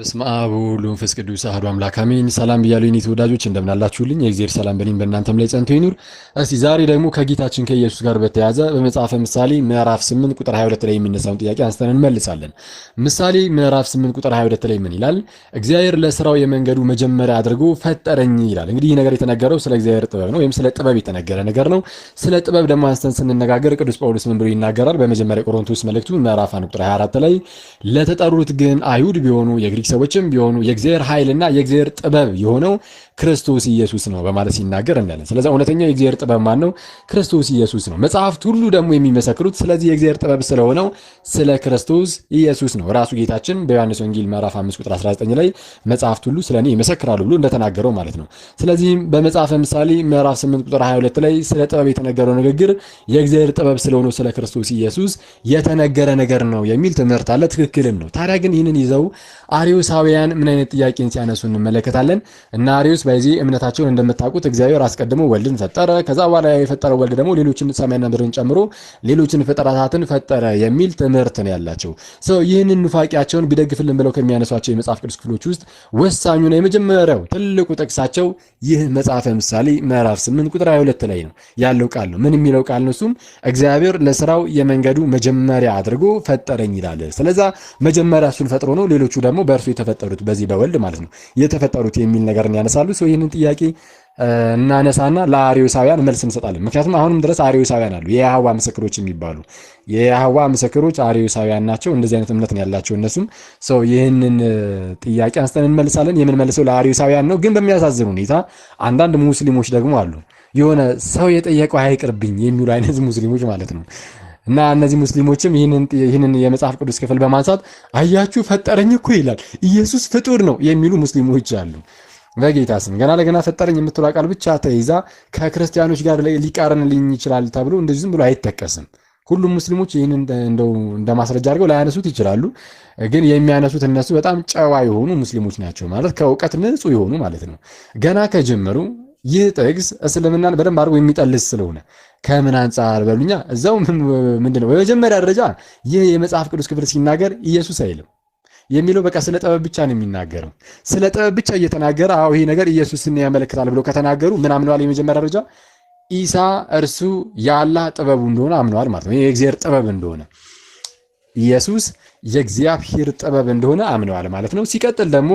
በስመ አብ ወወልድ ወመንፈስ ቅዱስ አሐዱ አምላክ አሜን። ሰላም ብያለሁ የኔ ተወዳጆች፣ አላችሁልኝ? የእግዚአብሔር ሰላም በእኔም በእናንተም ላይ ጸንቶ ይኑር። እስቲ ዛሬ ደግሞ ከጌታችን ከኢየሱስ ጋር በተያያዘ በመጽሐፈ ምሳሌ ምዕራፍ 8 ቁጥር 22 ላይ የሚነሳውን ጥያቄ አንስተን እንመልሳለን። ምሳሌ ምዕራፍ 8 ቁጥር 22 ላይ ምን ይላል? እግዚአብሔር ለስራው የመንገዱ መጀመሪያ አድርጎ ፈጠረኝ ይላል። እንግዲህ ይህ ነገር የተነገረው ስለ እግዚአብሔር ጥበብ ነው፣ ወይም ስለ ጥበብ የተነገረ ነገር ነው። ስለ ጥበብ ደግሞ አንስተን ስንነጋገር ቅዱስ ጳውሎስ ምን ብሎ ይናገራል? በመጀመሪያ ቆሮንቶስ መልእክቱ ምዕራፍ 1 ቁጥር 24 ላይ ለተጠሩት ግን አይሁድ ቢሆኑ የግሪክ ሰዎችም ቢሆኑ የእግዚአብሔር ኃይልና የእግዚአብሔር ጥበብ የሆነው ክርስቶስ ኢየሱስ ነው በማለት ሲናገር እናለን። ስለዚህ እውነተኛው የእግዚአብሔር ጥበብ ማን ነው? ክርስቶስ ኢየሱስ ነው። መጽሐፍት ሁሉ ደግሞ የሚመሰክሩት ስለዚህ የእግዚአብሔር ጥበብ ስለሆነው ስለ ክርስቶስ ኢየሱስ ነው። ራሱ ጌታችን በዮሐንስ ወንጌል ምዕራፍ 5 ቁጥር 19 ላይ መጽሐፍት ሁሉ ስለ እኔ ይመሰክራሉ ብሎ እንደተናገረው ማለት ነው። ስለዚህም በመጽሐፈ ምሳሌ ምዕራፍ 8 ቁጥር 22 ላይ ስለ ጥበብ የተነገረው ንግግር የእግዚአብሔር ጥበብ ስለሆነው ስለ ክርስቶስ ኢየሱስ የተነገረ ነገር ነው የሚል ትምህርት አለ። ትክክልም ነው። ታዲያ ግን ይህንን ይዘው አሪዮ አሪዮሳውያን ምን አይነት ጥያቄን ሲያነሱ እንመለከታለን። እና አሪዮስ በዚህ እምነታቸውን እንደምታውቁት እግዚአብሔር አስቀድሞ ወልድን ፈጠረ። ከዛ በኋላ የፈጠረው ወልድ ደግሞ ሌሎችን ሰማይና ምድርን ጨምሮ ሌሎችን ፍጥረታትን ፈጠረ የሚል ትምህርት ነው ያላቸው። ሰው ይህንን ቢደግፍልን ብለው ከሚያነሷቸው የመጽሐፍ ቅዱስ ክፍሎች ውስጥ ወሳኙ ነው የመጀመሪያው ትልቁ ጥቅሳቸው ይህ መጽሐፈ ምሳሌ ምዕራፍ 8 ቁጥር 22 ላይ ነው ያለው ቃል ነው። ምን የሚለው ቃል ነው? እሱም እግዚአብሔር ለስራው የመንገዱ መጀመሪያ አድርጎ ፈጠረኝ ይላል። ስለዛ መጀመሪያ እሱን ፈጥሮ ነው ሌሎቹ ደግሞ እነርሱ የተፈጠሩት በዚህ በወልድ ማለት ነው የተፈጠሩት የሚል ነገርን ያነሳሉ። ሰው ይህንን ጥያቄ እናነሳና ለአሪዮሳውያን መልስ እንሰጣለን። ምክንያቱም አሁንም ድረስ አሪዮሳውያን አሉ፣ የያህዋ ምስክሮች የሚባሉ የያህዋ ምስክሮች አሪዮሳውያን ናቸው። እንደዚህ አይነት እምነት ነው ያላቸው እነሱም። ሰው ይህንን ጥያቄ አንስተን እንመልሳለን። የምንመልሰው ለአሪዮሳውያን ነው። ግን በሚያሳዝን ሁኔታ አንዳንድ ሙስሊሞች ደግሞ አሉ፣ የሆነ ሰው የጠየቀው አይቅርብኝ የሚሉ አይነት ሙስሊሞች ማለት ነው። እና እነዚህ ሙስሊሞችም ይህንን የመጽሐፍ ቅዱስ ክፍል በማንሳት አያችሁ ፈጠረኝ እኮ ይላል ኢየሱስ ፍጡር ነው የሚሉ ሙስሊሞች አሉ። በጌታ ስም ገና ለገና ፈጠረኝ የምትሉ አቃል ብቻ ተይዛ ከክርስቲያኖች ጋር ሊቃረንልኝ ይችላል ተብሎ እንደዚህ ዝም ብሎ አይጠቀስም። ሁሉም ሙስሊሞች ይህን እንደው እንደ ማስረጃ አድርገው ላያነሱት ይችላሉ። ግን የሚያነሱት እነሱ በጣም ጨዋ የሆኑ ሙስሊሞች ናቸው ማለት ከእውቀት ንጹህ የሆኑ ማለት ነው። ገና ከጀመሩ ይህ ጥቅስ እስልምናን በደንብ አድርጎ የሚጠልስ ስለሆነ ከምን አንጻር በሉኛ። እዛው ምንድን ነው በመጀመሪያ ደረጃ ይህ የመጽሐፍ ቅዱስ ክፍል ሲናገር ኢየሱስ አይልም የሚለው በቃ ስለ ጥበብ ብቻ ነው የሚናገረው። ስለ ጥበብ ብቻ እየተናገረ አዎ ይሄ ነገር ኢየሱስን ያመለክታል ብሎ ከተናገሩ ምን አምነዋል? የመጀመሪያ ደረጃ ኢሳ እርሱ የአላህ ጥበቡ እንደሆነ አምነዋል ማለት ነው። ይሄ የእግዚአብሔር ጥበብ እንደሆነ ኢየሱስ የእግዚአብሔር ጥበብ እንደሆነ አምነዋል ማለት ነው። ሲቀጥል ደግሞ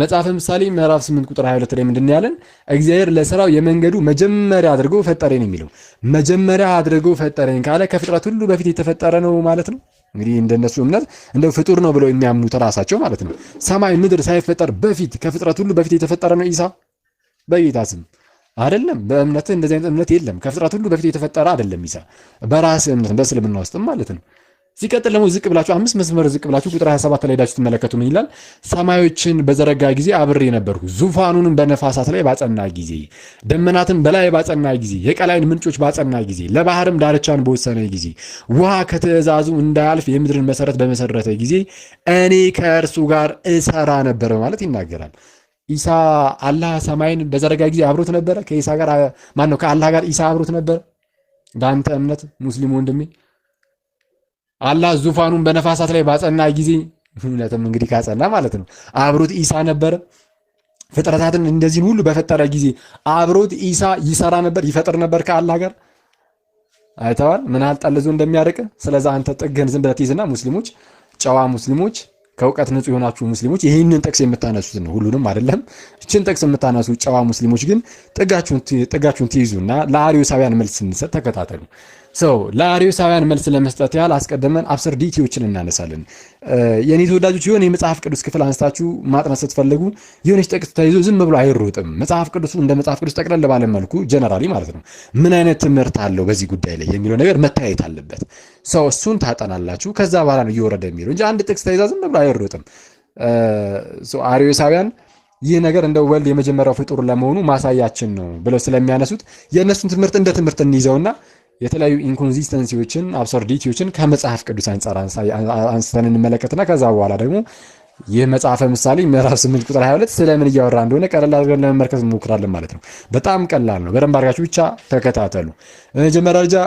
መጽሐፈ ምሳሌ ምዕራፍ 8 ቁጥር 22 ላይ ምንድን ያለን? እግዚአብሔር ለሥራው የመንገዱ መጀመሪያ አድርጎ ፈጠረን የሚለው መጀመሪያ አድርጎ ፈጠረን ካለ ከፍጥረት ሁሉ በፊት የተፈጠረ ነው ማለት ነው። እንግዲህ እንደነሱ እምነት እንደው ፍጡር ነው ብለው የሚያምኑት ራሳቸው ማለት ነው። ሰማይ ምድር ሳይፈጠር በፊት ከፍጥረት ሁሉ በፊት የተፈጠረ ነው ኢሳ በጌታ ስም አይደለም። በእምነት እንደዚህ አይነት እምነት የለም። ከፍጥረት ሁሉ በፊት የተፈጠረ አይደለም ኢሳ። በራስ እምነት በእስልምና ውስጥም ማለት ነው ሲቀጥል ደግሞ ዝቅ ብላችሁ አምስት መስመር ዝቅ ብላችሁ ቁጥር 27 ላይ ሄዳችሁ ትመለከቱ ምን ይላል? ሰማዮችን በዘረጋ ጊዜ አብሬ ነበርኩ፣ ዙፋኑንም በነፋሳት ላይ ባጸና ጊዜ፣ ደመናትን በላይ ባጸና ጊዜ፣ የቀላይን ምንጮች ባጸና ጊዜ፣ ለባህርም ዳርቻን በወሰነ ጊዜ፣ ውሃ ከትእዛዙ እንዳያልፍ የምድርን መሰረት በመሰረተ ጊዜ እኔ ከእርሱ ጋር እሰራ ነበር ማለት ይናገራል። ኢሳ አላህ ሰማይን በዘረጋ ጊዜ አብሮት ነበረ ከኢሳ ጋር ማነው? ከአላህ ጋር ኢሳ አብሮት ነበረ። በአንተ እምነት ሙስሊም ወንድሜ አላህ ዙፋኑን በነፋሳት ላይ ባጸና ጊዜ እውነትም እንግዲህ ካጸና ማለት ነው። አብሮት ኢሳ ነበረ። ፍጥረታትን እንደዚህን ሁሉ በፈጠረ ጊዜ አብሮት ኢሳ ይሰራ ነበር፣ ይፈጥር ነበር ከአላህ ጋር አይተዋል። ምን ያህል ጠልዞ እንደሚያርቅ። ስለዛ አንተ ጥግህን ዝም ብለህ ትይዝና ሙስሊሞች፣ ጨዋ ሙስሊሞች፣ ከእውቀት ንጹህ የሆናችሁ ሙስሊሞች ይህንን ጥቅስ የምታነሱት ነው። ሁሉንም አይደለም። እችን ጥቅስ የምታነሱ ጨዋ ሙስሊሞች ግን ጥጋችሁን ትይዙና ለአርዮሳውያን መልስ ስንሰጥ ተከታተሉ። ሰው ለአርዮሳውያን መልስ ለመስጠት ያህል አስቀድመን አብሰርዲቲዎችን እናነሳለን። የእኔ ተወዳጆች የሆነ የመጽሐፍ ቅዱስ ክፍል አንስታችሁ ማጥናት ስትፈልጉ የሆነች ጥቅስ ተይዞ ዝም ብሎ አይሮጥም። መጽሐፍ ቅዱሱ እንደ መጽሐፍ ቅዱስ ጠቅለል ባለ መልኩ ጀነራሊ ማለት ነው ምን አይነት ትምህርት አለው በዚህ ጉዳይ ላይ የሚለው ነገር መታየት አለበት። ሰው እሱን ታጠናላችሁ። ከዛ በኋላ ነው እየወረደ የሚለው እንጂ አንድ ጥቅስ ተይዛ ዝም ብሎ አይሮጥም። አርዮሳውያን ይህ ነገር እንደ ወልድ የመጀመሪያው ፍጡር ለመሆኑ ማሳያችን ነው ብለው ስለሚያነሱት የእነሱን ትምህርት እንደ ትምህርት እንይዘውና የተለያዩ ኢንኮንሲስተንሲዎችን አብሶርዲቲዎችን ከመጽሐፍ ቅዱስ አንጻር አንስተን እንመለከትና ከዛ በኋላ ደግሞ መጽሐፈ ምሳሌ ምዕራፍ 8 ቁጥር 22 ስለምን እያወራ እንደሆነ ቀለል አድርገን ለመመልከት እንሞክራለን ማለት ነው። በጣም ቀላል ነው። በደንብ አድርጋችሁ ብቻ ተከታተሉ። በመጀመሪያ ደረጃ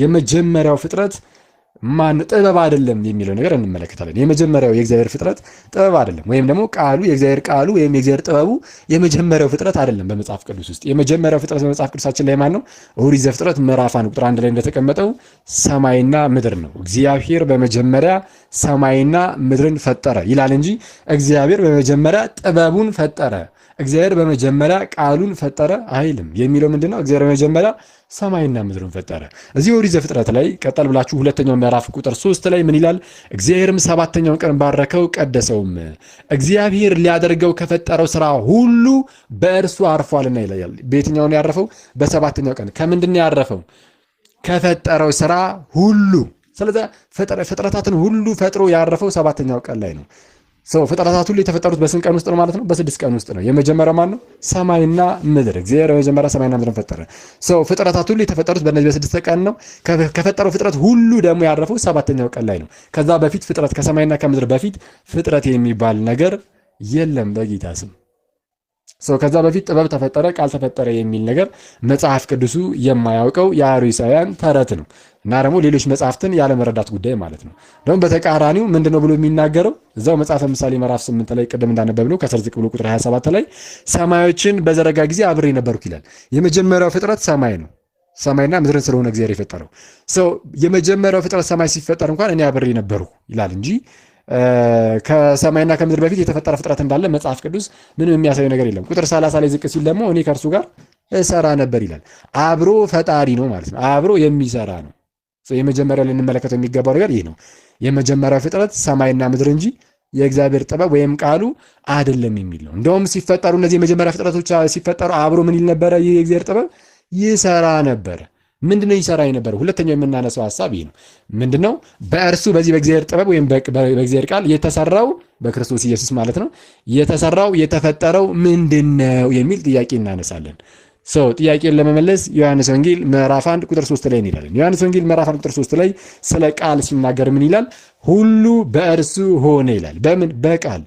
የመጀመሪያው ፍጥረት ማን ጥበብ አይደለም የሚለው ነገር እንመለከታለን። የመጀመሪያው የእግዚአብሔር ፍጥረት ጥበብ አይደለም፣ ወይም ደግሞ ቃሉ የእግዚአብሔር ቃሉ ወይም የእግዚአብሔር ጥበቡ የመጀመሪያው ፍጥረት አይደለም በመጽሐፍ ቅዱስ ውስጥ። የመጀመሪያው ፍጥረት በመጽሐፍ ቅዱሳችን ላይ ማን ነው? ኦሪት ዘፍጥረት ምዕራፍ አንድ ቁጥር አንድ ላይ እንደተቀመጠው ሰማይና ምድር ነው። እግዚአብሔር በመጀመሪያ ሰማይና ምድርን ፈጠረ ይላል እንጂ እግዚአብሔር በመጀመሪያ ጥበቡን ፈጠረ እግዚአብሔር በመጀመሪያ ቃሉን ፈጠረ አይልም የሚለው ምንድን ነው? እግዚአብሔር በመጀመሪያ ሰማይና ምድርን ፈጠረ። እዚህ ኦሪት ዘፍጥረት ላይ ቀጠል ብላችሁ ሁለተኛው ምዕራፍ ቁጥር ሶስት ላይ ምን ይላል? እግዚአብሔርም ሰባተኛውን ቀን ባረከው ቀደሰውም፣ እግዚአብሔር ሊያደርገው ከፈጠረው ስራ ሁሉ በእርሱ አርፏልና ይላል። በየትኛውን ያረፈው? በሰባተኛው ቀን። ከምንድን ያረፈው? ከፈጠረው ስራ ሁሉ። ስለዚ ፍጥረታትን ሁሉ ፈጥሮ ያረፈው ሰባተኛው ቀን ላይ ነው። ሰው ፍጥረታት ሁሉ የተፈጠሩት በስንት ቀን ውስጥ ነው ማለት ነው? በስድስት ቀን ውስጥ ነው። የመጀመሪያው ማን ነው? ሰማይና ምድር። እግዚአብሔር የመጀመሪያ ሰማይና ምድርን ፈጠረ። ሰው ፍጥረታት ሁሉ የተፈጠሩት በእነዚህ በስድስት ቀን ነው። ከፈጠረው ፍጥረት ሁሉ ደግሞ ያረፈው ሰባተኛው ቀን ላይ ነው። ከዛ በፊት ፍጥረት ከሰማይና ከምድር በፊት ፍጥረት የሚባል ነገር የለም በጌታ ስም ሰው ከዛ በፊት ጥበብ ተፈጠረ ቃል ተፈጠረ የሚል ነገር መጽሐፍ ቅዱሱ የማያውቀው የአሪሳውያን ተረት ነው እና ደግሞ ሌሎች መጽሐፍትን ያለመረዳት ጉዳይ ማለት ነው። ደግሞ በተቃራኒው ምንድን ነው ብሎ የሚናገረው እዛው መጽሐፈ ምሳሌ ምዕራፍ 8 ላይ ቅድም እንዳነበብ ነው ከስር ዝቅ ብሎ ቁጥር 27 ላይ ሰማዮችን በዘረጋ ጊዜ አብሬ ነበርኩ ይላል። የመጀመሪያው ፍጥረት ሰማይ ነው። ሰማይና ምድርን ስለሆነ እግዚአብሔር የፈጠረው ሰው የመጀመሪያው ፍጥረት ሰማይ ሲፈጠር እንኳን እኔ አብሬ ነበርኩ ይላል እንጂ ከሰማይና ከምድር በፊት የተፈጠረ ፍጥረት እንዳለ መጽሐፍ ቅዱስ ምንም የሚያሳየው ነገር የለም። ቁጥር ሰላሳ ላይ ዝቅ ሲል ደግሞ እኔ ከእርሱ ጋር እሰራ ነበር ይላል። አብሮ ፈጣሪ ነው ማለት ነው። አብሮ የሚሰራ ነው። የመጀመሪያ ልንመለከተው የሚገባው ነገር ይህ ነው። የመጀመሪያው ፍጥረት ሰማይና ምድር እንጂ የእግዚአብሔር ጥበብ ወይም ቃሉ አይደለም የሚል ነው። እንደውም ሲፈጠሩ እነዚህ የመጀመሪያ ፍጥረቶች ሲፈጠሩ አብሮ ምን ይል ነበረ? ይህ የእግዚአብሔር ጥበብ ይሰራ ነበር? ነው ይሰራ የነበረው? ሁለተኛው የምናነሳው ሀሳብ ይህ ነው። ነው በእርሱ በዚህ በእግዚአብሔር ጥበብ ወይም በእግዚአብሔር ቃል የተሰራው በክርስቶስ ኢየሱስ ማለት ነው የተሰራው የተፈጠረው ምንድነው የሚል ጥያቄ እናነሳለን። ሰው ጥያቄን ለመመለስ ዮሐንስ ወንጌል ምዕራፍ 1 ቁጥር 3 ላይ እንላለን። ዮሐንስ ወንጌል ምዕራፍ 1 ቁጥር 3 ላይ ስለ ቃል ሲናገር ምን ይላል? ሁሉ በእርሱ ሆነ ይላል። በምን በቃል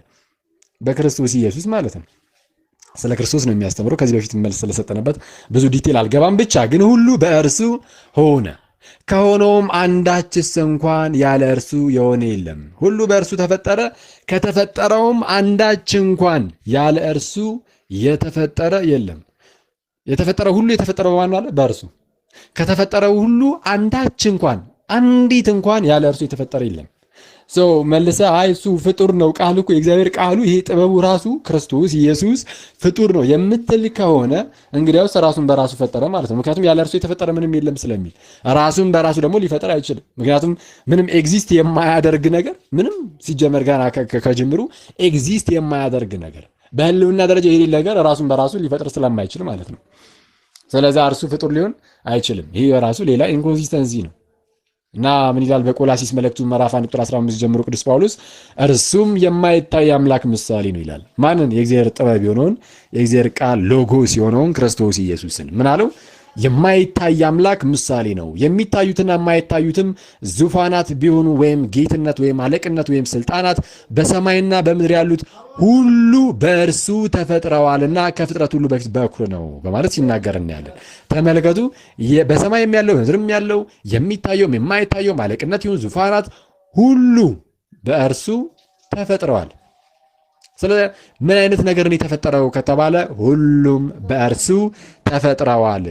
በክርስቶስ ኢየሱስ ማለት ነው። ስለ ክርስቶስ ነው የሚያስተምረው። ከዚህ በፊት መልስ ስለሰጠንበት ብዙ ዲቴል አልገባም። ብቻ ግን ሁሉ በእርሱ ሆነ፣ ከሆነውም አንዳችስ እንኳን ያለ እርሱ የሆነ የለም። ሁሉ በእርሱ ተፈጠረ፣ ከተፈጠረውም አንዳች እንኳን ያለ እርሱ የተፈጠረ የለም። የተፈጠረ ሁሉ የተፈጠረ በማን ማለት በእርሱ ከተፈጠረው ሁሉ አንዳች እንኳን አንዲት እንኳን ያለ እርሱ የተፈጠረ የለም። ሰው መልሰ አይ እሱ ፍጡር ነው ቃሉ እኮ የእግዚአብሔር ቃሉ ይሄ ጥበቡ ራሱ ክርስቶስ ኢየሱስ ፍጡር ነው የምትል ከሆነ እንግዲያውስ ራሱን በራሱ ፈጠረ ማለት ነው። ምክንያቱም ያለ እርሱ የተፈጠረ ምንም የለም ስለሚል ራሱን በራሱ ደግሞ ሊፈጠር አይችልም። ምክንያቱም ምንም ኤግዚስት የማያደርግ ነገር ምንም ሲጀመር ገና ከጅምሩ ኤግዚስት የማያደርግ ነገር በህልውና ደረጃ የሌለ ነገር ራሱን በራሱ ሊፈጥር ስለማይችል ማለት ነው። ስለዚህ እርሱ ፍጡር ሊሆን አይችልም። ይህ ራሱ ሌላ ኢንኮንሲስተንሲ ነው። እና ምን ይላል በቆላሲስ መልእክቱ ምዕራፍ 1 ቁጥር 15 ጀምሮ ቅዱስ ጳውሎስ እርሱም የማይታይ አምላክ ምሳሌ ነው ይላል። ማንን? የእግዚአብሔር ጥበብ የሆነውን የእግዚአብሔር ቃል ሎጎስ የሆነውን ክርስቶስ ኢየሱስን ምን አለው? የማይታይ አምላክ ምሳሌ ነው። የሚታዩትና የማይታዩትም ዙፋናት ቢሆኑ ወይም ጌትነት ወይም አለቅነት ወይም ስልጣናት በሰማይና በምድር ያሉት ሁሉ በእርሱ ተፈጥረዋልና ከፍጥረት ሁሉ በፊት በኩር ነው በማለት ሲናገር እናያለን። ተመልከቱ፣ በሰማይም ያለው በምድርም ያለው የሚታየውም የማይታየውም አለቅነት ይሁን ዙፋናት ሁሉ በእርሱ ተፈጥረዋል። ስለ ምን አይነት ነገር ነው የተፈጠረው ከተባለ ሁሉም በእርሱ ተፈጥረዋል።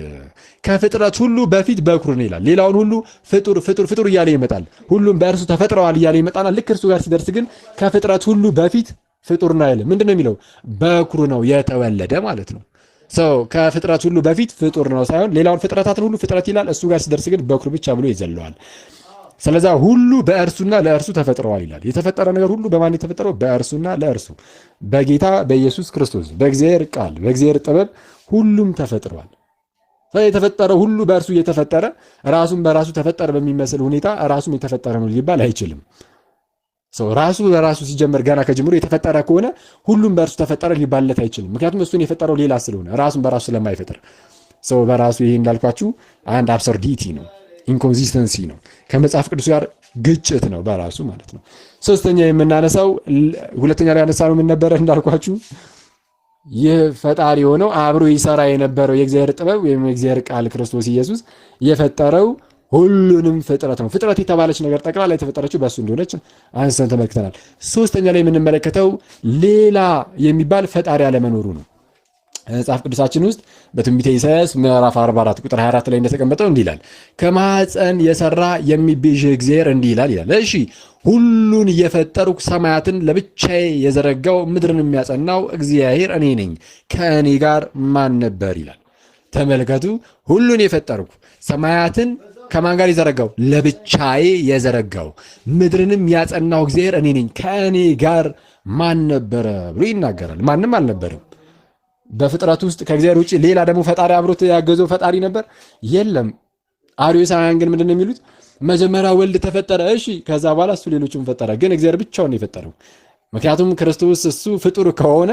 ከፍጥረት ሁሉ በፊት በኩር ነው ይላል። ሌላውን ሁሉ ፍጡር ፍጡር ፍጡር እያለ ይመጣል። ሁሉም በእርሱ ተፈጥረዋል እያለ ይመጣና ልክ እርሱ ጋር ሲደርስ ግን ከፍጥረት ሁሉ በፊት ፍጡር ነው አይልም። ምንድን ነው የሚለው? በኩር ነው የተወለደ ማለት ነው። ሰው ከፍጥረት ሁሉ በፊት ፍጡር ነው ሳይሆን ሌላውን ፍጥረታትን ሁሉ ፍጥረት ይላል። እሱ ጋር ሲደርስ ግን በኩር ብቻ ብሎ ይዘለዋል። ስለዛ ሁሉ በእርሱና ለእርሱ ተፈጥረዋል ይላል። የተፈጠረ ነገር ሁሉ በማን የተፈጠረው? በእርሱና ለእርሱ በጌታ በኢየሱስ ክርስቶስ በእግዚአብሔር ቃል በእግዚአብሔር ጥበብ ሁሉም ተፈጥረዋል። የተፈጠረ ሁሉ በእርሱ እየተፈጠረ ራሱን በራሱ ተፈጠረ በሚመስል ሁኔታ ራሱም የተፈጠረ ነው ሊባል አይችልም። ሰው ራሱ በራሱ ሲጀመር ገና ከጀምሮ የተፈጠረ ከሆነ ሁሉም በእርሱ ተፈጠረ ሊባልለት አይችልም። ምክንያቱም እሱን የፈጠረው ሌላ ስለሆነ ራሱን በራሱ ስለማይፈጥር ሰው በራሱ ይሄ እንዳልኳችሁ አንድ አብሰርዲቲ ነው። ኢንኮንሲስተንሲ ነው፣ ከመጽሐፍ ቅዱስ ጋር ግጭት ነው በራሱ ማለት ነው። ሶስተኛ የምናነሳው ሁለተኛ ላይ ያነሳ ነው የምንነበረ እንዳልኳችሁ ይህ ፈጣሪ የሆነው አብሮ ይሰራ የነበረው የእግዚአብሔር ጥበብ ወይም የእግዚአብሔር ቃል ክርስቶስ ኢየሱስ የፈጠረው ሁሉንም ፍጥረት ነው። ፍጥረት የተባለች ነገር ጠቅላላ የተፈጠረችው በእሱ እንደሆነች አንስተን ተመልክተናል። ሶስተኛ ላይ የምንመለከተው ሌላ የሚባል ፈጣሪ አለመኖሩ ነው። መጽሐፍ ቅዱሳችን ውስጥ በትንቢተ ኢሳያስ ምዕራፍ 44 ቁጥር 24 ላይ እንደተቀመጠው እንዲህ ይላል፣ ከማህፀን የሰራ የሚቤዥ እግዚአብሔር እንዲህ ይላል ይላል። እሺ ሁሉን የፈጠርኩ ሰማያትን ለብቻዬ የዘረጋው ምድርን የሚያጸናው እግዚአብሔር እኔ ነኝ፣ ከእኔ ጋር ማን ነበር ይላል። ተመልከቱ፣ ሁሉን የፈጠርኩ ሰማያትን ከማን ጋር የዘረጋው ለብቻዬ የዘረጋው ምድርንም ያጸናው እግዚአብሔር እኔ ነኝ፣ ከእኔ ጋር ማን ነበረ ብሎ ይናገራል። ማንም አልነበረም። በፍጥረት ውስጥ ከእግዚአብሔር ውጭ ሌላ ደግሞ ፈጣሪ አብሮት ያገዘው ፈጣሪ ነበር የለም። አርዮሳውያን ግን ምንድን ነው የሚሉት? መጀመሪያ ወልድ ተፈጠረ፣ እሺ። ከዛ በኋላ እሱ ሌሎችን ፈጠረ። ግን እግዚአብሔር ብቻውን የፈጠረው ምክንያቱም ክርስቶስ እሱ ፍጡር ከሆነ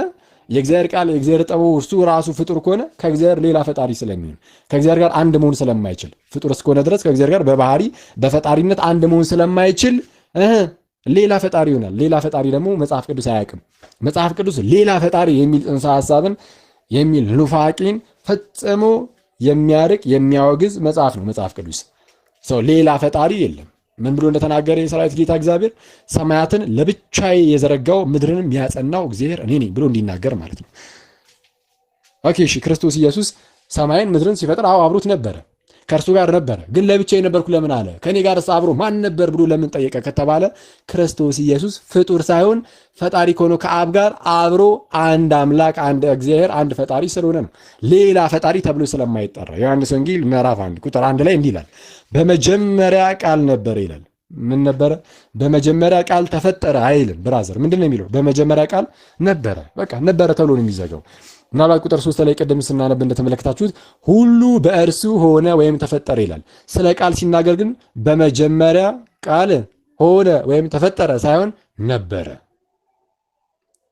የእግዚአብሔር ቃል የእግዚአብሔር ጠበው እርሱ ራሱ ፍጡር ከሆነ ከእግዚአብሔር ሌላ ፈጣሪ ስለሚሆን ከእግዚአብሔር ጋር አንድ መሆን ስለማይችል ፍጡር እስከሆነ ድረስ ከእግዚአብሔር ጋር በባህሪ በፈጣሪነት አንድ መሆን ስለማይችል ሌላ ፈጣሪ ይሆናል። ሌላ ፈጣሪ ደግሞ መጽሐፍ ቅዱስ አያውቅም። መጽሐፍ ቅዱስ ሌላ ፈጣሪ የሚል ጽንሰ ሀሳብን የሚል ኑፋቂን ፈጽሞ የሚያርቅ የሚያወግዝ መጽሐፍ ነው መጽሐፍ ቅዱስ። ሰው ሌላ ፈጣሪ የለም። ምን ብሎ እንደተናገረ የሰራዊት ጌታ እግዚአብሔር ሰማያትን ለብቻዬ የዘረጋው ምድርንም ያጸናው እግዚአብሔር እኔ ነኝ ብሎ እንዲናገር ማለት ነው። ኦኬ እሺ፣ ክርስቶስ ኢየሱስ ሰማይን ምድርን ሲፈጥር አዎ አብሮት ነበረ። ከእርሱ ጋር ነበረ። ግን ለብቻ የነበርኩ ለምን አለ? ከእኔ ጋር አብሮ ማን ነበር ብሎ ለምን ጠየቀ ከተባለ ክርስቶስ ኢየሱስ ፍጡር ሳይሆን ፈጣሪ ከሆነ ከአብ ጋር አብሮ አንድ አምላክ፣ አንድ እግዚአብሔር፣ አንድ ፈጣሪ ስለሆነ ነው። ሌላ ፈጣሪ ተብሎ ስለማይጠራ ዮሐንስ ወንጌል ምዕራፍ አንድ ቁጥር አንድ ላይ እንዲህ ይላል፣ በመጀመሪያ ቃል ነበረ ይላል። ምን ነበረ? በመጀመሪያ ቃል ተፈጠረ አይልም። ብራዘር ምንድን ነው የሚለው? በመጀመሪያ ቃል ነበረ። በቃ ነበረ ተብሎ ነው የሚዘጋው። ምናልባት ቁጥር ሶስት ላይ ቅድም ስናነብ እንደተመለከታችሁት ሁሉ በእርሱ ሆነ ወይም ተፈጠረ ይላል። ስለ ቃል ሲናገር ግን በመጀመሪያ ቃል ሆነ ወይም ተፈጠረ ሳይሆን ነበረ።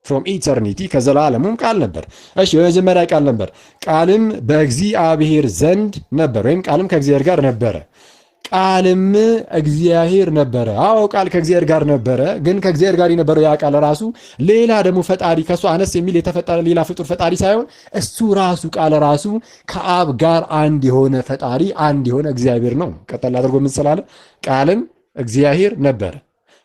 ፍሮም ኢተርኒቲ ከዘላለሙም ቃል ነበር። እሺ በመጀመሪያ ቃል ነበር፣ ቃልም በእግዚአብሔር ዘንድ ነበር፣ ወይም ቃልም ከእግዚአብሔር ጋር ነበረ። ቃልም እግዚአብሔር ነበረ። አዎ ቃል ከእግዚአብሔር ጋር ነበረ። ግን ከእግዚአብሔር ጋር የነበረው ያ ቃል ራሱ ሌላ ደግሞ ፈጣሪ ከእሱ አነስ የሚል የተፈጠረ ሌላ ፍጡር ፈጣሪ ሳይሆን እሱ ራሱ ቃል ራሱ ከአብ ጋር አንድ የሆነ ፈጣሪ አንድ የሆነ እግዚአብሔር ነው። ቀጠል አድርጎ ምን ስላለ ቃልም እግዚአብሔር ነበረ።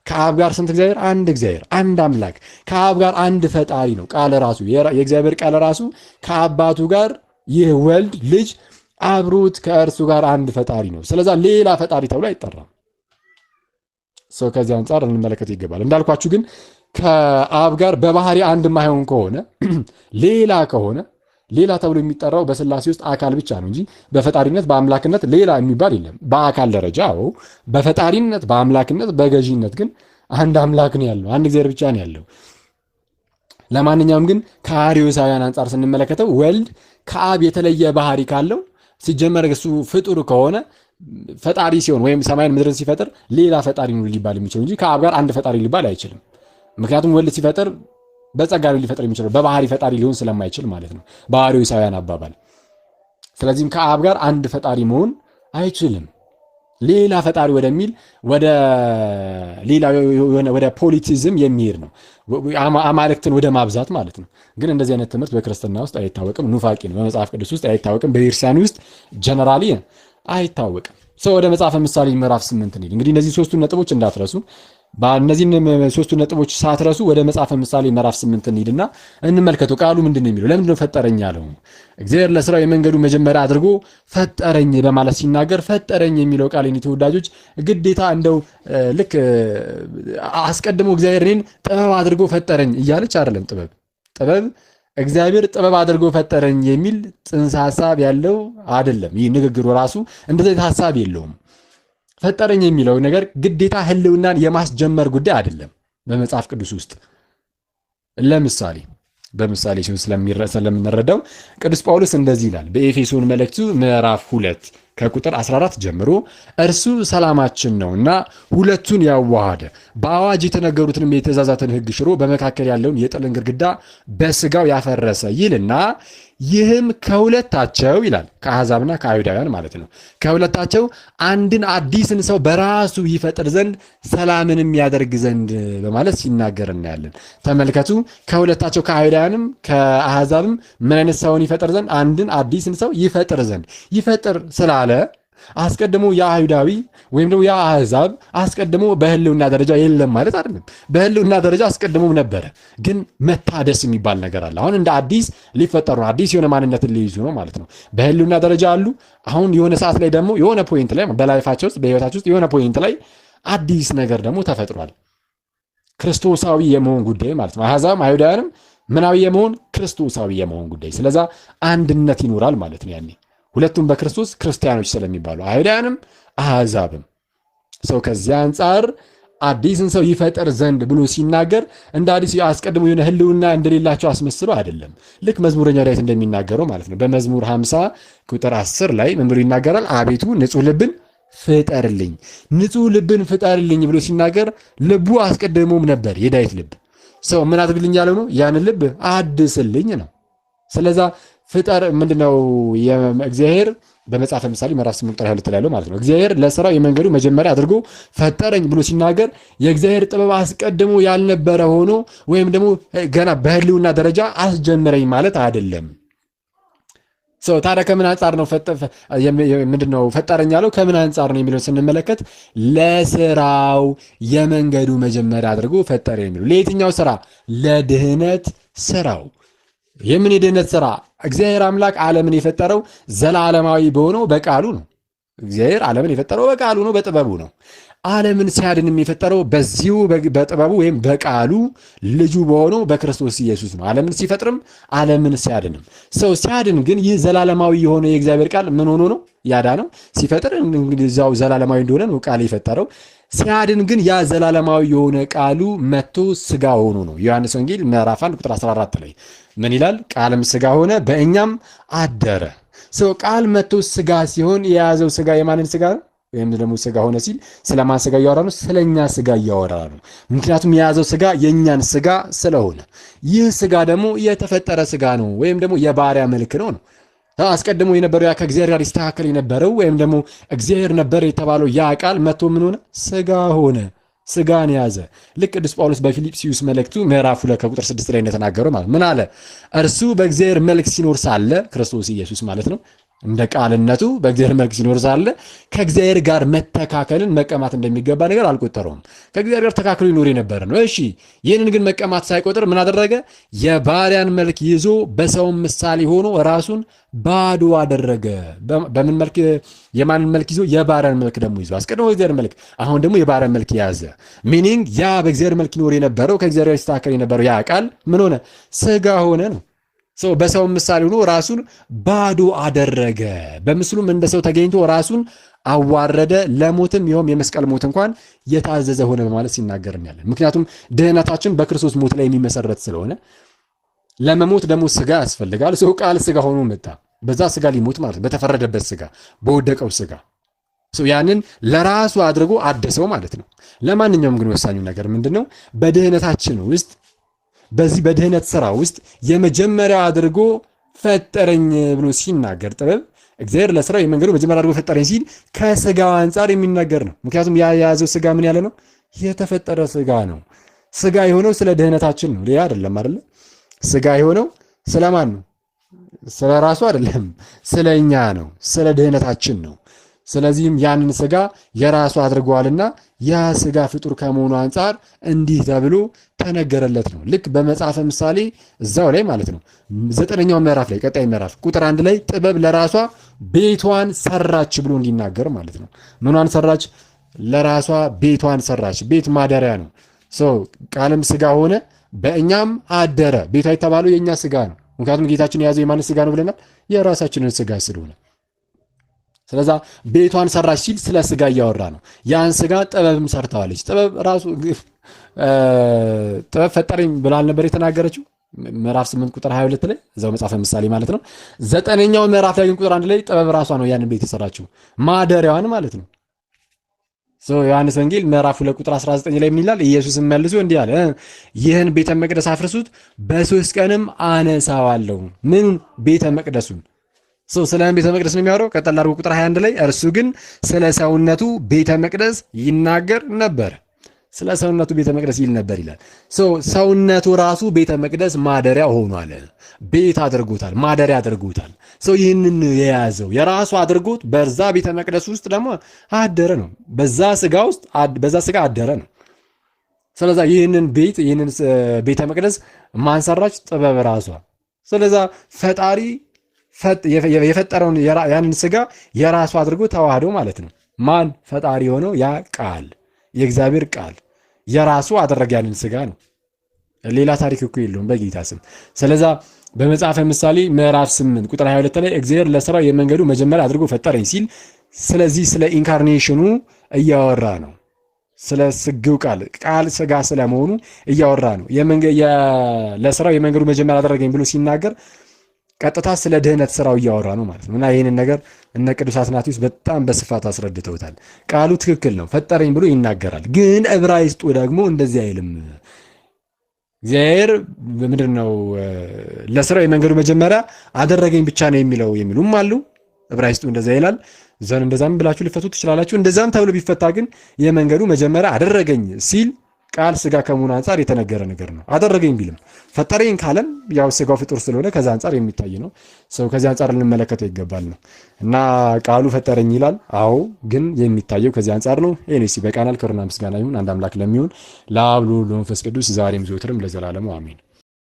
ከአብ ጋር ስንት እግዚአብሔር? አንድ እግዚአብሔር፣ አንድ አምላክ፣ ከአብ ጋር አንድ ፈጣሪ ነው። ቃል ራሱ የእግዚአብሔር ቃል ራሱ ከአባቱ ጋር ይህ ወልድ ልጅ አብሩት ከእርሱ ጋር አንድ ፈጣሪ ነው። ስለዛ ሌላ ፈጣሪ ተብሎ አይጠራም። ሰው ከዚህ አንጻር እንመለከት ይገባል። እንዳልኳችሁ ግን ከአብ ጋር በባህሪ አንድ ማይሆን ከሆነ ሌላ ከሆነ ሌላ ተብሎ የሚጠራው በስላሴ ውስጥ አካል ብቻ ነው እንጂ በፈጣሪነት በአምላክነት ሌላ የሚባል የለም። በአካል ደረጃ አዎ፣ በፈጣሪነት በአምላክነት በገዢነት ግን አንድ አምላክ ነው ያለው፣ አንድ እግዚአብሔር ብቻ ነው ያለው። ለማንኛውም ግን ከአርዮሳውያን አንጻር ስንመለከተው ወልድ ከአብ የተለየ ባህሪ ካለው ሲጀመር እሱ ፍጡር ከሆነ ፈጣሪ ሲሆን ወይም ሰማይን ምድርን ሲፈጥር ሌላ ፈጣሪ ነው ሊባል የሚችለው እንጂ ከአብ ጋር አንድ ፈጣሪ ሊባል አይችልም። ምክንያቱም ወልድ ሲፈጥር በጸጋ ነው ሊፈጥር የሚችለው በባህሪ ፈጣሪ ሊሆን ስለማይችል ማለት ነው፣ ሳውያን አባባል። ስለዚህም ከአብ ጋር አንድ ፈጣሪ መሆን አይችልም። ሌላ ፈጣሪ ወደሚል ወደ ሌላ ወደ ፖሊቲዝም የሚሄድ ነው። አማልክትን ወደ ማብዛት ማለት ነው። ግን እንደዚህ አይነት ትምህርት በክርስትና ውስጥ አይታወቅም። ኑፋቂ ነው። በመጽሐፍ ቅዱስ ውስጥ አይታወቅም። በኢርሳን ውስጥ ጀነራሊ አይታወቅም። ሰው ወደ መጽሐፈ ምሳሌ ምዕራፍ ስምንት እንሂድ። እንግዲህ እነዚህ ሶስቱን ነጥቦች እንዳትረሱ። በእነዚህም ሶስቱ ነጥቦች ሳትረሱ ወደ መጽሐፈ ምሳሌ ምዕራፍ ስምንት እንሂድና እንመልከተው። ቃሉ ምንድን ነው የሚለው? ለምንድነው ፈጠረኝ ያለው? እግዚአብሔር ለስራው የመንገዱ መጀመሪያ አድርጎ ፈጠረኝ በማለት ሲናገር ፈጠረኝ የሚለው ቃል የኔ ተወዳጆች ግዴታ እንደው ልክ አስቀድሞ እግዚአብሔር እኔን ጥበብ አድርጎ ፈጠረኝ እያለች አይደለም። ጥበብ ጥበብ እግዚአብሔር ጥበብ አድርጎ ፈጠረኝ የሚል ጽንሰ ሀሳብ ያለው አይደለም። ይህ ንግግሩ ራሱ እንደዚህ ሀሳብ የለውም። ፈጠረኝ የሚለው ነገር ግዴታ ህልውናን የማስጀመር ጉዳይ አይደለም። በመጽሐፍ ቅዱስ ውስጥ ለምሳሌ በምሳሌ ሲሆን ስለምንረዳው ቅዱስ ጳውሎስ እንደዚህ ይላል በኤፌሶን መልእክቱ ምዕራፍ ሁለት ከቁጥር 14 ጀምሮ እርሱ ሰላማችን ነውና ሁለቱን ያዋሃደ በአዋጅ የተነገሩትንም የትእዛዛትን ሕግ ሽሮ በመካከል ያለውን የጥልን ግድግዳ በስጋው ያፈረሰ ይልና ይህም ከሁለታቸው ይላል ከአሕዛብና ከአይሁዳውያን ማለት ነው። ከሁለታቸው አንድን አዲስን ሰው በራሱ ይፈጥር ዘንድ ሰላምንም ያደርግ ዘንድ በማለት ሲናገር እናያለን። ተመልከቱ፣ ከሁለታቸው ከአይሁዳውያንም ከአሕዛብም ምን አይነት ሰውን ይፈጥር ዘንድ? አንድን አዲስን ሰው ይፈጥር ዘንድ ይፈጥር ስላለ አስቀድሞ ያ አይሁዳዊ ወይም ደግሞ ያ አህዛብ አስቀድሞ በህልውና ደረጃ የለም ማለት አይደለም። በህልውና ደረጃ አስቀድሞ ነበረ፣ ግን መታደስ የሚባል ነገር አለ። አሁን እንደ አዲስ ሊፈጠሩ ነው። አዲስ የሆነ ማንነትን ሊይዙ ነው ማለት ነው። በህልውና ደረጃ አሉ። አሁን የሆነ ሰዓት ላይ ደግሞ የሆነ ፖይንት ላይ በላይፋቸው ውስጥ በህይወታቸው ውስጥ የሆነ ፖይንት ላይ አዲስ ነገር ደግሞ ተፈጥሯል። ክርስቶሳዊ የመሆን ጉዳይ ማለት ነው። አህዛብም አይሁዳውያንም ምናዊ የመሆን ክርስቶሳዊ የመሆን ጉዳይ። ስለዛ አንድነት ይኖራል ማለት ነው ያኔ ሁለቱም በክርስቶስ ክርስቲያኖች ስለሚባሉ አይሁዳንም አሕዛብም። ሰው ከዚያ አንጻር አዲስን ሰው ይፈጠር ዘንድ ብሎ ሲናገር እንደ አዲስ አስቀድሞ የሆነ ህልውና እንደሌላቸው አስመስሎ አይደለም። ልክ መዝሙረኛ ዳዊት እንደሚናገረው ማለት ነው። በመዝሙር 50 ቁጥር 10 ላይ መምሩ ይናገራል፣ አቤቱ ንጹህ ልብን ፍጠርልኝ፣ ንጹህ ልብን ፍጠርልኝ ብሎ ሲናገር ልቡ አስቀድሞም ነበር የዳዊት ልብ። ሰው ምን አድርግልኝ ያለው ነው? ያንን ልብ አድስልኝ ነው። ስለዛ ፍጠር ምንድነው እግዚአብሔር በመጽሐፈ ምሳሌ ምዕራፍ ስምንት ቁጥር ሁለት ላይ ማለት ነው። እግዚአብሔር ለስራው የመንገዱ መጀመሪያ አድርጎ ፈጠረኝ ብሎ ሲናገር የእግዚአብሔር ጥበብ አስቀድሞ ያልነበረ ሆኖ ወይም ደግሞ ገና በህልውና ደረጃ አስጀመረኝ ማለት አይደለም። ሰው ታዲያ ከምን አንጻር ነው ምንድነው ፈጠረኝ ያለው ከምን አንጻር ነው የሚለው ስንመለከት ለስራው የመንገዱ መጀመሪያ አድርጎ ፈጠረ የሚለው ለየትኛው ስራ? ለድህነት ስራው የምን የድህነት ስራ? እግዚአብሔር አምላክ ዓለምን የፈጠረው ዘላለማዊ በሆነው በቃሉ ነው። እግዚአብሔር ዓለምን የፈጠረው በቃሉ ነው፣ በጥበቡ ነው። ዓለምን ሲያድንም የፈጠረው በዚሁ በጥበቡ ወይም በቃሉ ልጁ በሆነው በክርስቶስ ኢየሱስ ነው። ዓለምን ሲፈጥርም ዓለምን ሲያድንም ሰው ሲያድን ግን ይህ ዘላለማዊ የሆነ የእግዚአብሔር ቃል ምን ሆኖ ነው ያዳ ነው ሲፈጥር እንግዲህ እዚያው ዘላለማዊ እንደሆነ ነው ቃል የፈጠረው ሲያድን ግን ያ ዘላለማዊ የሆነ ቃሉ መጥቶ ስጋ ሆኖ ነው። ዮሐንስ ወንጌል ምዕራፍ 1 ቁጥር 14 ላይ ምን ይላል? ቃልም ስጋ ሆነ በእኛም አደረ። ሰው ቃል መጥቶ ስጋ ሲሆን የያዘው ስጋ የማንን ስጋ ነው? ወይም ደግሞ ስጋ ሆነ ሲል ስለማን ስጋ እያወራ ነው? ስለኛ ስጋ እያወራ ነው። ምክንያቱም የያዘው ስጋ የእኛን ስጋ ስለሆነ፣ ይህ ስጋ ደግሞ የተፈጠረ ስጋ ነው፣ ወይም ደግሞ የባሪያ መልክ ነው ነው አስቀድሞ የነበረው ያ ከእግዚአብሔር ጋር ይስተካከል የነበረው ወይም ደግሞ እግዚአብሔር ነበር የተባለው ያ ቃል መቶ ምን ሆነ? ስጋ ሆነ፣ ስጋን ያዘ። ልክ ቅዱስ ጳውሎስ በፊልጵስዩስ መልእክቱ ምዕራፍ ሁለት ከቁጥር ስድስት ላይ እንደተናገረው ማለት ምን አለ? እርሱ በእግዚአብሔር መልክ ሲኖር ሳለ ክርስቶስ ኢየሱስ ማለት ነው እንደ ቃልነቱ በእግዚአብሔር መልክ ሲኖር ሳለ ከእግዚአብሔር ጋር መተካከልን መቀማት እንደሚገባ ነገር አልቆጠረውም። ከእግዚአብሔር ጋር ተካክሎ ይኖር የነበረ ነው። እሺ፣ ይህንን ግን መቀማት ሳይቆጥር ምን አደረገ? የባሪያን መልክ ይዞ በሰውን ምሳሌ ሆኖ ራሱን ባዶ አደረገ። በምን መልክ? የማንን መልክ ይዞ? የባሪያን መልክ ደግሞ ይዞ፣ አስቀድሞ የእግዚአብሔር መልክ፣ አሁን ደግሞ የባሪያን መልክ የያዘ ሚኒንግ ያ በእግዚአብሔር መልክ ይኖር የነበረው ከእግዚአብሔር ሲተካከል የነበረው ያ ቃል ምን ሆነ? ስጋ ሆነ ነው ሰው በሰው ምሳሌ ሆኖ ራሱን ባዶ አደረገ። በምስሉም እንደ ሰው ተገኝቶ ራሱን አዋረደ፣ ለሞትም ይኸውም የመስቀል ሞት እንኳን የታዘዘ ሆነ በማለት ሲናገር እናያለን። ምክንያቱም ድህነታችን በክርስቶስ ሞት ላይ የሚመሰረት ስለሆነ ለመሞት ደግሞ ስጋ ያስፈልጋል። ሰው ቃል ስጋ ሆኖ መጣ። በዛ ስጋ ሊሞት ማለት በተፈረደበት ስጋ፣ በወደቀው ስጋ ያንን ለራሱ አድርጎ አደሰው ማለት ነው። ለማንኛውም ግን ወሳኙ ነገር ምንድን ነው? በድህነታችን ውስጥ በዚህ በድህነት ስራ ውስጥ የመጀመሪያ አድርጎ ፈጠረኝ ብሎ ሲናገር ጥበብ እግዚአብሔር ለስራው የመንገዱ መጀመሪያ አድርጎ ፈጠረኝ ሲል ከስጋው አንጻር የሚናገር ነው። ምክንያቱም የያዘው ስጋ ምን ያለ ነው? የተፈጠረ ስጋ ነው። ስጋ የሆነው ስለ ድህነታችን ነው፣ ሌላ አይደለም። አይደለ? ስጋ የሆነው ስለማን ነው? ስለ ራሱ አይደለም፣ ስለ እኛ ነው፣ ስለ ድህነታችን ነው። ስለዚህም ያንን ስጋ የራሱ አድርገዋልና ያ ስጋ ፍጡር ከመሆኑ አንጻር እንዲህ ተብሎ ተነገረለት ነው። ልክ በመጽሐፈ ምሳሌ እዛው ላይ ማለት ነው ዘጠነኛው ምዕራፍ ላይ ቀጣይ ምዕራፍ ቁጥር አንድ ላይ ጥበብ ለራሷ ቤቷን ሰራች ብሎ እንዲናገር ማለት ነው። ምኗን ሰራች? ለራሷ ቤቷን ሰራች። ቤት ማደሪያ ነው። ሰው ቃልም ስጋ ሆነ በእኛም አደረ። ቤቷ የተባለው የእኛ ስጋ ነው። ምክንያቱም ጌታችን የያዘው የማንን ስጋ ነው ብለናል? የራሳችንን ስጋ ስለሆነ ስለዛ ቤቷን ሰራች ሲል ስለ ስጋ እያወራ ነው። ያን ስጋ ጥበብም ሰርተዋለች። ጥበብ ራሱ ጥበብ ፈጠረኝ ብላል ነበር የተናገረችው ምዕራፍ 8 ቁጥር 22 ላይ እዛው መጽሐፈ ምሳሌ ማለት ነው። ዘጠነኛው ምዕራፍ ላይ ግን ቁጥር አንድ ላይ ጥበብ ራሷ ነው ያንን ቤት የሰራችው ማደሪያዋን ማለት ነው። ዮሐንስ ወንጌል ምዕራፍ 2 ቁጥር 19 ላይ ምን ይላል? ኢየሱስም መልሶ እንዲህ አለ፣ ይህን ቤተ መቅደስ አፍርሱት፣ በሶስት ቀንም አነሳዋለሁ። ምኑን? ቤተ መቅደሱን ሰው ስለ ቤተ መቅደስ ነው የሚያወራው። ቀጠል አድርጎ ቁጥር 21 ላይ እርሱ ግን ስለ ሰውነቱ ቤተ መቅደስ ይናገር ነበር። ስለ ሰውነቱ ቤተ መቅደስ ይል ነበር ይላል። ሰውነቱ ራሱ ቤተ መቅደስ ማደሪያ ሆኗል። ቤት አድርጎታል፣ ማደሪያ አድርጎታል። ሰው ይህንን የያዘው የራሱ አድርጎት በዛ ቤተ መቅደስ ውስጥ ደግሞ አደረ ነው። በዛ ስጋ ውስጥ በዛ ስጋ አደረ ነው። ስለዛ ይህንን ቤት ይህንን ቤተ መቅደስ ማንሰራች ጥበብ ራሷ ስለዛ ፈጣሪ የፈጠረውን ያንን ስጋ የራሱ አድርጎ ተዋህዶ ማለት ነው። ማን ፈጣሪ የሆነው ያ ቃል የእግዚአብሔር ቃል የራሱ አደረገ ያንን ስጋ ነው። ሌላ ታሪክ እኮ የለውም በጌታ ስም። ስለዛ በመጽሐፈ ምሳሌ ምዕራፍ 8 ቁጥር 22 ላይ እግዚአብሔር ለስራው የመንገዱ መጀመሪያ አድርጎ ፈጠረኝ ሲል ስለዚህ ስለ ኢንካርኔሽኑ እያወራ ነው። ስለ ስግው ቃል ቃል ስጋ ስለመሆኑ እያወራ ነው። ለስራው የመንገዱ መጀመሪያ አደረገኝ ብሎ ሲናገር ቀጥታ ስለ ድህነት ስራው እያወራ ነው ማለት ነው። እና ይህንን ነገር እነ ቅዱስ አትናቲዩስ በጣም በስፋት አስረድተውታል። ቃሉ ትክክል ነው፣ ፈጠረኝ ብሎ ይናገራል። ግን እብራይስጡ ደግሞ እንደዚህ አይልም። እግዚአብሔር ምንድን ነው ለስራው የመንገዱ መጀመሪያ አደረገኝ ብቻ ነው የሚለው የሚሉም አሉ። እብራይስጡ እንደዚያ ይላል። እዛን እንደዛም ብላችሁ ልፈቱ ትችላላችሁ። እንደዛም ተብሎ ቢፈታ ግን የመንገዱ መጀመሪያ አደረገኝ ሲል ቃል ስጋ ከመሆኑ አንጻር የተነገረ ነገር ነው። አደረገኝ ቢልም ፈጠሬን ካለን ያው ስጋው ፍጡር ስለሆነ ከዚ አንጻር የሚታይ ነው። ሰው ከዚህ አንጻር ልንመለከተው ይገባል ነው እና ቃሉ ፈጠረኝ ይላል። አዎ ግን የሚታየው ከዚህ አንጻር ነው። ኤኔሲ በቃናል። ክብርና ምስጋና ይሁን አንድ አምላክ ለሚሆን ለአብ ለወልድ ለመንፈስ ቅዱስ ዛሬም ዘወትርም ለዘላለሙ አሜን።